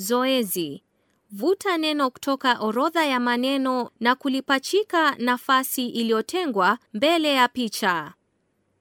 Zoezi: vuta neno kutoka orodha ya maneno na kulipachika nafasi iliyotengwa mbele ya picha.